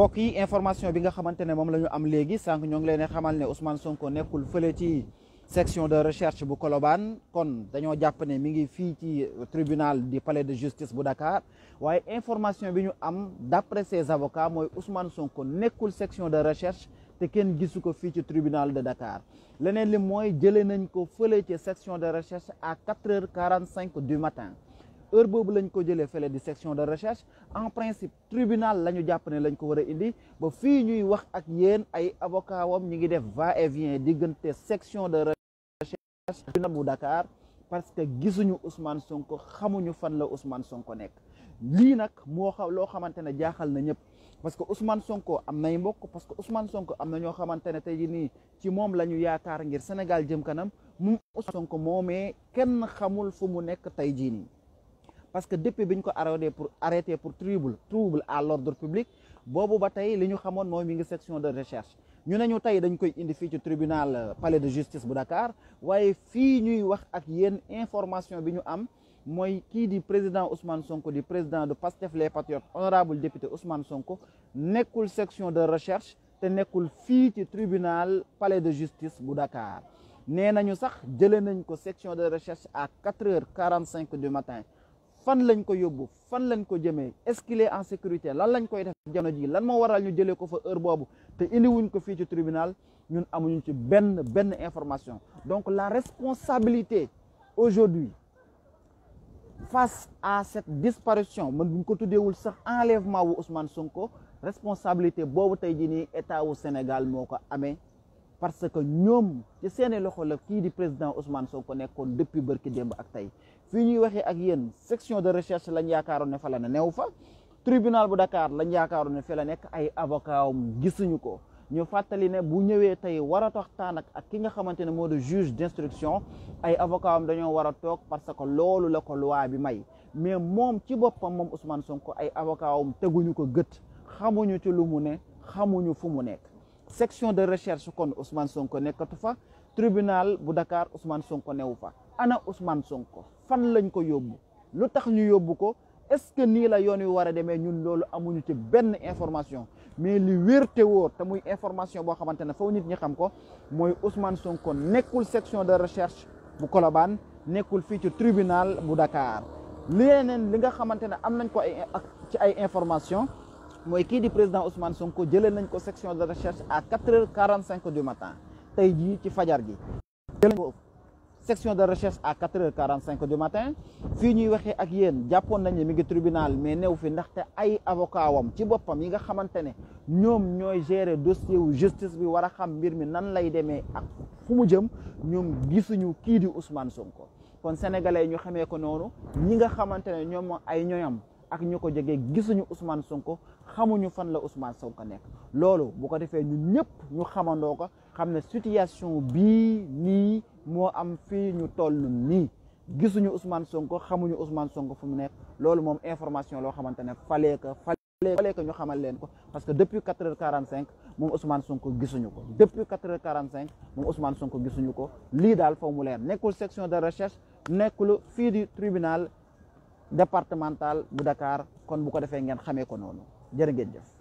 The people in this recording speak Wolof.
mbokk yi information bi nga xamante ne moom lañu am léegi sànq ñoo ngi leen xamal ne Ousmane Sonko nekkul fële ci section de recherche bu Colobane kon dañoo jàpp ne mi ngi fii ci tribunal du palais de justice bu Dakar waaye information bi ñu am d'après ses avocats mooy Ousmane Sonko nekkul section de recherche te kenn gisu ko fii ci tribunal de Dakar leneen li mooy jëlee nañ ko fële ci section de recherche à quatre heures quarante cinq du matin heure boobu lañ ko jëlee fële di section de recherche en principe tribunal la ñu jàpp ne lañ ko war a indi ba fii ñuy wax ak yéen ay avocat wam ñu ngi def va et vient diggante section de recherche tribunal bu Dakar parce que gisuñu Ousmane Sonko xamuñu fan la Ousmane Sonko nekk lii nag moo xaw loo xamante ne jaaxal na ñëpp parce que Ousmane Sonko am nay mbokk parce que Ousmane Sonko am na ñoo xamante ne tey jii nii ci moom la ñu yaakaar ngir Sénégal jëm kanam moom Ousmane Sonko kenn xamul fu mu nekk tey jii nii. parce que depuis bi ñu ko arrêté pour arrêté pour trouble trouble à l'ordre public boobu ba tey li ñu xamoon mooy mi ngi section de recherche ñu ne ñu tey dañ koy indi fii ci tribunal euh, palais de justice bu Dakar waaye fii ñuy wax ak yéen information bi ñu am mooy kii di président Ousmane Sonko di président de Pastef les Patriotes honorable député Ousmane Sonko nekkul section de recherche te nekkul fii ci tribunal palais de justice bu Dakar nee nañu sax jëlee nañ ko section de recherche à quatre heures quarante cinq du matin fan lañ ko yóbbu fan lañ ko jëmee est-ce qu'il en sécurité lan lañ koy def jamono ji lan moo waral ñu jëlee ko fa heure boobu te indiwuñ ko fii ci tribunal ñun amuñu ci benn benn information donc la responsabilité aujourd'hui face à cette disparition man buñ ko tuddeewul sax enlèvement wu Ousmane Sonko responsabilité boobu tey jii nii état wu Sénégal moo ko amee parce que ñoom ci seeni loxo la kii di président Ousmane Sonko nekkoon depuis bërki démb ak tey fi ñuy waxee ak yéen section de recherche lañ yaakaaroon na fa la ne fa tribunal bu Dakar lañ yaakaaroon ne fi la nekk ay avocat am gisuñu ko ñu fàttali ne bu ñëwee tey war a waxtaan ak ki nga xamante ne moo di juge d'instruction ay avocat am dañoo war a toog parce que loolu la ko loi bi may mais moom ci boppam moom Ousmane Sonko ay avocat teguñu ko gët xamuñu ci lu mu ne xamuñu fu mu nekk section de recherche kon Ousmane Sonko nekkatu fa tribunal bu Dakar Ousmane Sonko newu fa ana Ousmane Sonko fan lañ ko yóbbu lu tax ñu yóbbu ko est-ce que nii la yoon wi war a demee ñun loolu amuñu ci benn information mais li wér te wóor te muy information boo xamante ne faw nit ñi xam ko mooy Ousmane Sonko nekkul section de recherche bu Colobane nekkul fii ci tribunal bu Dakar leneen li nga xamante ne am nañ ko ay ci ay information mooy kii di président Ousmane Sonko jëlee nañ ko section de recherche à quatre heures quarante cinq du matin tey jii ci fajar gi jëlee ko section de recherche à quatre heures quarante cinq du matin fii ñuy waxee ak yéen jàppoon nañ ne mi ngi tribunal mais new fi ndaxte ay avocat wam ci boppam yi nga xamante ne ñoom ñooy gérer dossier wu justice bi war a xam mbir mi nan lay demee ak fu mu jëm ñoom gisuñu kii di Ousmane Sonko kon sénégalais ñu xamee ko noonu ñi nga xamante ne ñoom ay ñoñam ak ñu ko jege gisuñu Ousmane Sonko xamuñu fan la Ousmane Sonko nekk loolu bu ko defee ñun ñëpp ñu xamandoo ko xam ne situation bii nii moo am fii ñu toll nii gisuñu Ousmane Sonko xamuñu Ousmane Sonko fu mu nekk loolu moom information loo xamante ne falee ko falee ñu xamal leen ko parce que depuis quatre heures quarante cinq moom Ousmane Sonko gisuñu ko depuis quatre heures cinq moom Ousmane Sonko gisuñu ko lii daal faw mu leer nekkul section de recherche nekkul fii di tribunal départemental bu Dakar kon bu ko defee ngeen xamee ko noonu jërë ngeen jëf